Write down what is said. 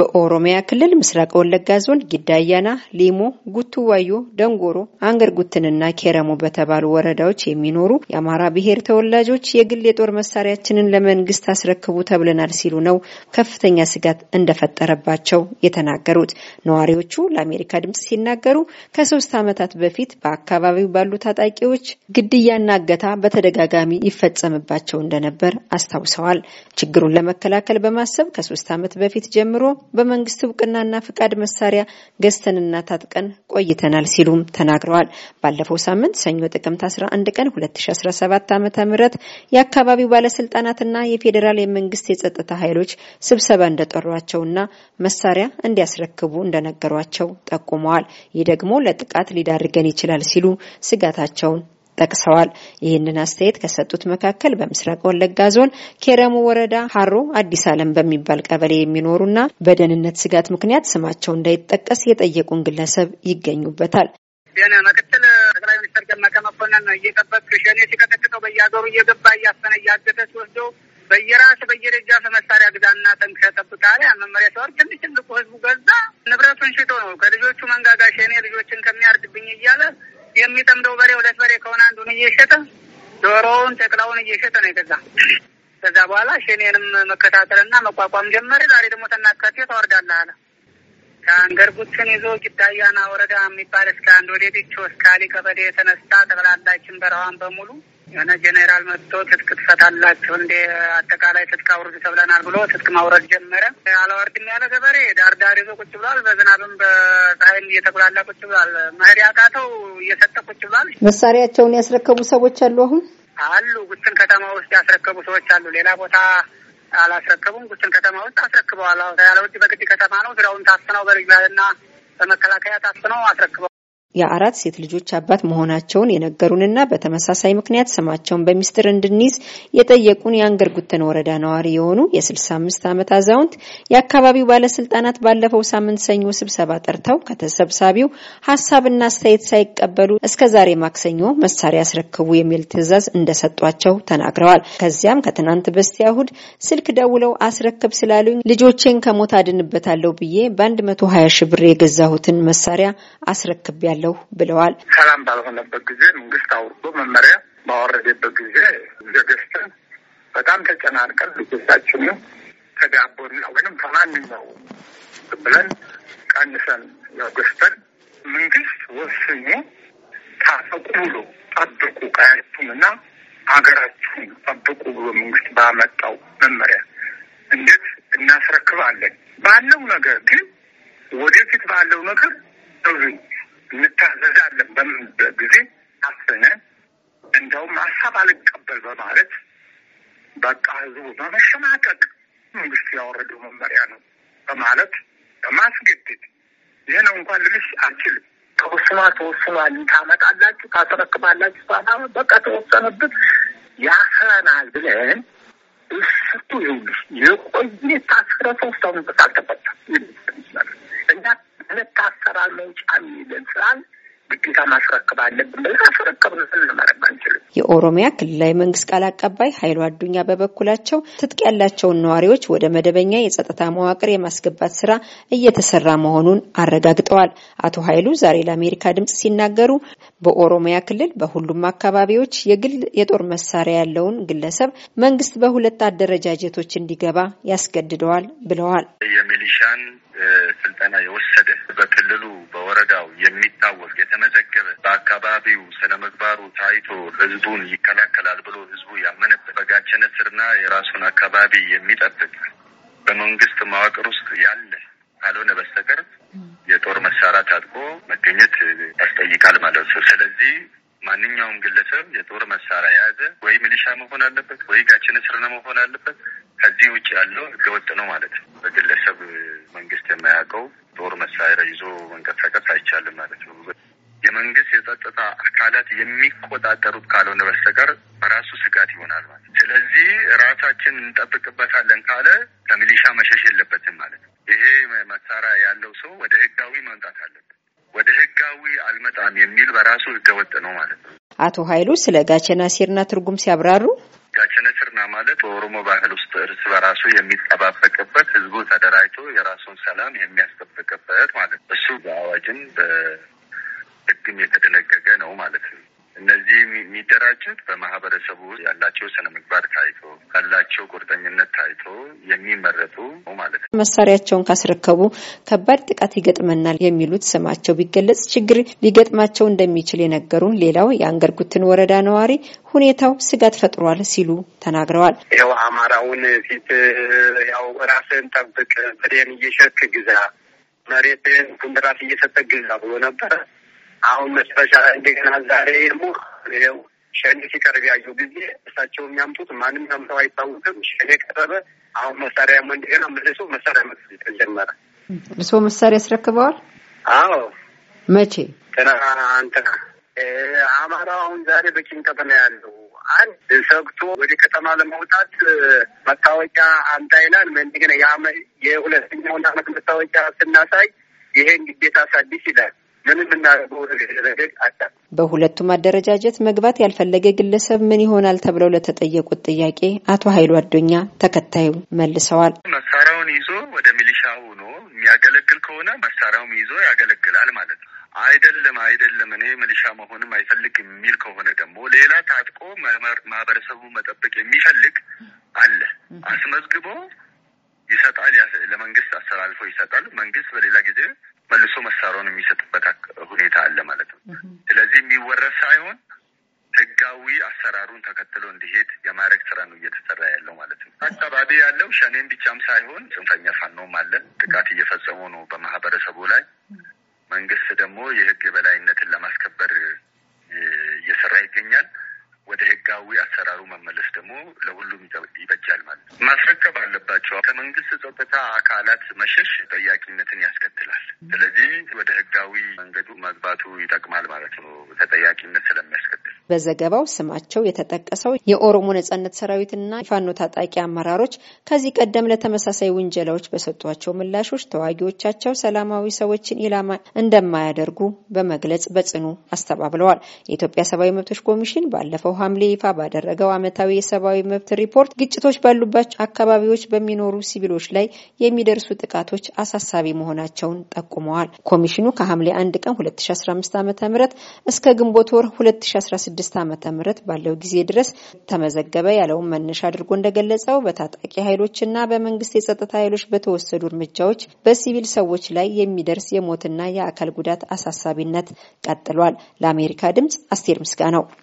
በኦሮሚያ ክልል ምስራቅ ወለጋ ዞን ጊዳያና፣ ሊሞ፣ ጉቱ ዋዮ፣ ደንጎሮ፣ አንገር ጉትንና ኬረሞ በተባሉ ወረዳዎች የሚኖሩ የአማራ ብሔር ተወላጆች የግል የጦር መሳሪያችንን ለመንግስት አስረክቡ ተብለናል ሲሉ ነው ከፍተኛ ስጋት እንደፈጠረባቸው የተናገሩት። ነዋሪዎቹ ለአሜሪካ ድምጽ ሲናገሩ ከሶስት ዓመታት በፊት በአካባቢው ባሉ ታጣቂዎች ግድያና እገታ በተደጋጋሚ ይፈጸምባቸው እንደነበር አስታውሰዋል። ችግሩን ለመከላከል በማሰብ ከሶስት ዓመት በፊት ጀምሮ በመንግስት እውቅናና ፍቃድ መሳሪያ ገዝተንና ታጥቀን ቆይተናል ሲሉም ተናግረዋል። ባለፈው ሳምንት ሰኞ ጥቅምት 11 ቀን 2017 ዓ.ም የአካባቢው ባለስልጣናትና የፌዴራል የመንግስት የጸጥታ ኃይሎች ስብሰባ እንደጠሯቸውና መሳሪያ እንዲያስረክቡ እንደነገሯቸው ጠቁመዋል። ይህ ደግሞ ለጥቃት ሊዳርገን ይችላል ሲሉ ስጋታቸውን ጠቅሰዋል። ይህንን አስተያየት ከሰጡት መካከል በምስራቅ ወለጋ ዞን ኬረሙ ወረዳ ሀሮ አዲስ ዓለም በሚባል ቀበሌ የሚኖሩና በደህንነት ስጋት ምክንያት ስማቸው እንዳይጠቀስ የጠየቁን ግለሰብ ይገኙበታል። ግን ምክትል ጠቅላይ ሚኒስትር ደመቀ መኮንን ነው እየጠበቅ ሸኔ ሲቀጠቅጠው በየሀገሩ እየገባ እያፈነ እያገተ ሲወስዶ በየራስ በየደጃፍ መሳሪያ ግዛና ጠንክሸ ጠብቃለ መመሪያ ሰወር ትንሽ ትልቁ ህዝቡ ገዛ ንብረቱን ሽጦ ነው ከልጆቹ መንጋጋ ሸኔ ልጆችን ከሚያርድብኝ እያለ የሚጠምደው በሬ ሁለት በሬ ከሆነ አንዱን እየሸጠ ዶሮውን ተቅላውን እየሸጠ ነው የገዛ። ከዛ በኋላ ሸኔንም መከታተልና መቋቋም ጀመረ። ዛሬ ደግሞ ተናካቴ ታወርዳለህ አለ ከአንገርጉትን ይዞ ጊዳያና ወረዳ የሚባል እስከ አንድ ወደ ቢቾ እስከ አሊ ቀበሌ የተነሳ ጠቅላላችን በረዋን በሙሉ የሆነ ጄኔራል መጥቶ ትጥቅ ትፈታላችሁ እንደ አጠቃላይ ትጥቅ አውርድ ተብለናል ብሎ ትጥቅ ማውረድ ጀመረ። አላወርድም ያለ ገበሬ ዳር ዳር ይዞ ቁጭ ብሏል። በዝናብም በፀሐይም እየተጉላላ ቁጭ ብሏል። መሄድ ያቃተው እየሰጠ ቁጭ ብሏል። መሳሪያቸውን ያስረከቡ ሰዎች አሉ። አሁን አሉ። ጉትን ከተማ ውስጥ ያስረከቡ ሰዎች አሉ። ሌላ ቦታ አላስረከቡም። ጉስን ከተማ ውስጥ አስረክበዋል። ያለ ውጭ በግድ ከተማ ነው ዙሪያውን ታስነው በልዩ ኃይልና በመከላከያ ታስነው አስረክበዋል። የአራት ሴት ልጆች አባት መሆናቸውን የነገሩንና በተመሳሳይ ምክንያት ስማቸውን በሚስጥር እንድንይዝ የጠየቁን የአንገር ጉተን ወረዳ ነዋሪ የሆኑ የ65 ዓመት አዛውንት የአካባቢው ባለስልጣናት ባለፈው ሳምንት ሰኞ ስብሰባ ጠርተው ከተሰብሳቢው ሀሳብና አስተያየት ሳይቀበሉ እስከ ዛሬ ማክሰኞ መሳሪያ ያስረክቡ የሚል ትዕዛዝ እንደሰጧቸው ተናግረዋል። ከዚያም ከትናንት በስቲያ እሁድ ስልክ ደውለው አስረክብ ስላሉኝ ልጆቼን ከሞት አድንበታለሁ ብዬ በ120 ሺ ብር የገዛሁትን መሳሪያ አስረክብ ያለ አደርጋለሁ ብለዋል። ሰላም ባልሆነበት ጊዜ መንግስት አውርዶ መመሪያ ባወረደበት ጊዜ ዘገዝተን በጣም ተጨናንቀን ልጆቻችን ከዳቦና ወይም ከማንኛው ብለን ቀንሰን ያገዝተን መንግስት ወስኙ ታፈቁ ብሎ ጠብቁ ቀያችሁንና ሀገራችሁን ጠብቁ ብሎ መንግስት ባመጣው መመሪያ እንዴት እናስረክባለን ባለው ነገር ግን ወደፊት ባለው ነገር ብዙ እንታዘዛለን በምንበት ጊዜ ታፍነን እንደውም ሀሳብ አልቀበል በማለት በቃ ህዝቡ በመሸማቀቅ መንግስት ያወረደው መመሪያ ነው በማለት በማስገደድ ይህ እንኳን ልልሽ አልችልም። ተወስኗ ተወስኗል፣ ታመጣላችሁ፣ ታስረክባላችሁ፣ ሳላ በቃ ተወሰነብን ያሰናል ብለን እስቱ ይኸውልሽ የቆየ ታስረ ሰው እስካሁን ድረስ አልተፈታም። ሁለት አሰራር መውጫ የሚልን ስላል ግዴታ ማስረከብ አለብን ብለን አስረከብን። ልናረግ አንችልም። የኦሮሚያ ክልላዊ መንግስት ቃል አቀባይ ኃይሉ አዱኛ በበኩላቸው ትጥቅ ያላቸውን ነዋሪዎች ወደ መደበኛ የጸጥታ መዋቅር የማስገባት ስራ እየተሰራ መሆኑን አረጋግጠዋል። አቶ ኃይሉ ዛሬ ለአሜሪካ ድምጽ ሲናገሩ በኦሮሚያ ክልል በሁሉም አካባቢዎች የግል የጦር መሳሪያ ያለውን ግለሰብ መንግስት በሁለት አደረጃጀቶች እንዲገባ ያስገድደዋል ብለዋል። የሚሊሻን ስልጠና የወሰደ በክልሉ በወረዳው የሚታወቅ የተመዘገበ በአካባቢው ስነ ምግባሩ ታይቶ ህዝቡ ህዝቡን ይከላከላል ብሎ ህዝቡ ያመነበት በጋችን ስርና የራሱን አካባቢ የሚጠብቅ በመንግስት መዋቅር ውስጥ ያለ ካልሆነ በስተቀር የጦር መሳሪያ ታጥቆ መገኘት ያስጠይቃል ማለት ነው። ስለዚህ ማንኛውም ግለሰብ የጦር መሳሪያ የያዘ ወይ ሚሊሻ መሆን አለበት ወይ ጋችን ስር መሆን አለበት። ከዚህ ውጭ ያለው ህገወጥ ነው ማለት ነው። በግለሰብ መንግስት የማያውቀው ጦር መሳሪያ ይዞ መንቀሳቀስ አይቻልም ማለት ነው። የመንግስት የጸጥታ አካላት የሚቆጣጠሩት ካልሆነ በስተቀር በራሱ ስጋት ይሆናል ማለት ነው። ስለዚህ ራሳችን እንጠብቅበታለን ካለ ከሚሊሻ መሸሽ የለበትም ማለት ነው። ይሄ መሳሪያ ያለው ሰው ወደ ህጋዊ መምጣት አለበት። ወደ ህጋዊ አልመጣም የሚል በራሱ ህገወጥ ነው ማለት ነው። አቶ ኃይሉ ስለ ጋቸና ሲርና ትርጉም ሲያብራሩ ጋቸነ ስርና ማለት በኦሮሞ ባህል ውስጥ እርስ በራሱ የሚጠባበቅበት ህዝቡ ተደራጅቶ የራሱን ሰላም የሚያስጠብቅበት ማለት ነው። እሱ በአዋጅም ህግም የተደነገገ ነው ማለት ነው። እነዚህ የሚደራጁት በማህበረሰቡ ያላቸው ስነ ምግባር ታይቶ ካላቸው ቁርጠኝነት ታይቶ የሚመረጡ ማለት ነው። መሳሪያቸውን ካስረከቡ ከባድ ጥቃት ይገጥመናል የሚሉት ስማቸው ቢገለጽ ችግር ሊገጥማቸው እንደሚችል የነገሩን ሌላው የአንገርጉትን ወረዳ ነዋሪ ሁኔታው ስጋት ፈጥሯል ሲሉ ተናግረዋል። ያው አማራውን ፊት ያው ራስን ጠብቅ፣ ፍሬን እየሸክ ግዛ፣ መሬትን ኩንድራት እየሰጠ ግዛ ብሎ ነበረ አሁን መጨረሻ እንደገና ዛሬ ደግሞ ይኸው ሸኔ ሲቀርብ ያየው ጊዜ እሳቸው የሚያምጡት ማንም ያምተው አይታወቅም። ሸኔ ቀረበ። አሁን መሳሪያ ሞ እንደገና መልሶ መሳሪያ መክፈል ጀመረ። እርስዎ መሳሪያ ያስረክበዋል? አዎ። መቼ? ትና አማራው አሁን ዛሬ በቂን ከተማ ያለው አንድ ሰግቶ ወደ ከተማ ለመውጣት መታወቂያ አንታይናል ይላል። የሁለተኛውን አመት መታወቂያ ስናሳይ ይሄን ግዴታ ሳዲስ ይላል ምንም እናደርገው በሁለቱም አደረጃጀት መግባት ያልፈለገ ግለሰብ ምን ይሆናል ተብለው ለተጠየቁት ጥያቄ አቶ ሀይሉ አዶኛ ተከታዩ መልሰዋል። መሳሪያውን ይዞ ወደ ሚሊሻ ሆኖ የሚያገለግል ከሆነ መሳሪያውም ይዞ ያገለግላል ማለት ነው። አይደለም አይደለም እኔ ሚሊሻ መሆንም አይፈልግ የሚል ከሆነ ደግሞ ሌላ ታጥቆ ማህበረሰቡ መጠበቅ የሚፈልግ አለ። አስመዝግቦ ይሰጣል። ለመንግስት አስተላልፎ ይሰጣል። መንግስት በሌላ ጊዜ መልሶ መሳሪያውን የሚሰጥበት ሁኔታ አለ ማለት ነው። ስለዚህ የሚወረስ ሳይሆን ህጋዊ አሰራሩን ተከትሎ እንዲሄድ የማድረግ ስራ ነው እየተሰራ ያለው ማለት ነው። አካባቢ ያለው ሸኔም ብቻም ሳይሆን ጽንፈኛ ፋኖም አለ፣ ጥቃት እየፈጸሙ ነው በማህበረሰቡ ላይ። መንግስት ደግሞ የህግ የበላይነትን ለማስከበር እየሰራ ይገኛል። ወደ ህጋዊ አሰራሩ መመለስ ደግሞ ለሁሉም ይበጃል ማለት ነው። ማስረከብ አለባቸው። ከመንግስት ጸጥታ አካላት መሸሽ ተጠያቂነትን ያስከትላል። ስለዚህ ወደ ህጋዊ መንገዱ መግባቱ ይጠቅማል ማለት ነው፣ ተጠያቂነት ስለሚያስከትል። በዘገባው ስማቸው የተጠቀሰው የኦሮሞ ነጻነት ሰራዊትና ፋኖ ታጣቂ አመራሮች ከዚህ ቀደም ለተመሳሳይ ውንጀላዎች በሰጧቸው ምላሾች ተዋጊዎቻቸው ሰላማዊ ሰዎችን ኢላማ እንደማያደርጉ በመግለጽ በጽኑ አስተባብለዋል። የኢትዮጵያ ሰብአዊ መብቶች ኮሚሽን ባለፈው ባለፈው ሐምሌ ይፋ ባደረገው ዓመታዊ የሰብአዊ መብት ሪፖርት ግጭቶች ባሉባቸው አካባቢዎች በሚኖሩ ሲቪሎች ላይ የሚደርሱ ጥቃቶች አሳሳቢ መሆናቸውን ጠቁመዋል። ኮሚሽኑ ከሐምሌ 1 ቀን 2015 ዓ ም እስከ ግንቦት ወር 2016 ዓ ም ባለው ጊዜ ድረስ ተመዘገበ ያለውን መነሻ አድርጎ እንደገለጸው በታጣቂ ኃይሎችና በመንግስት የጸጥታ ኃይሎች በተወሰዱ እርምጃዎች በሲቪል ሰዎች ላይ የሚደርስ የሞትና የአካል ጉዳት አሳሳቢነት ቀጥሏል። ለአሜሪካ ድምጽ አስቴር ምስጋ ነው።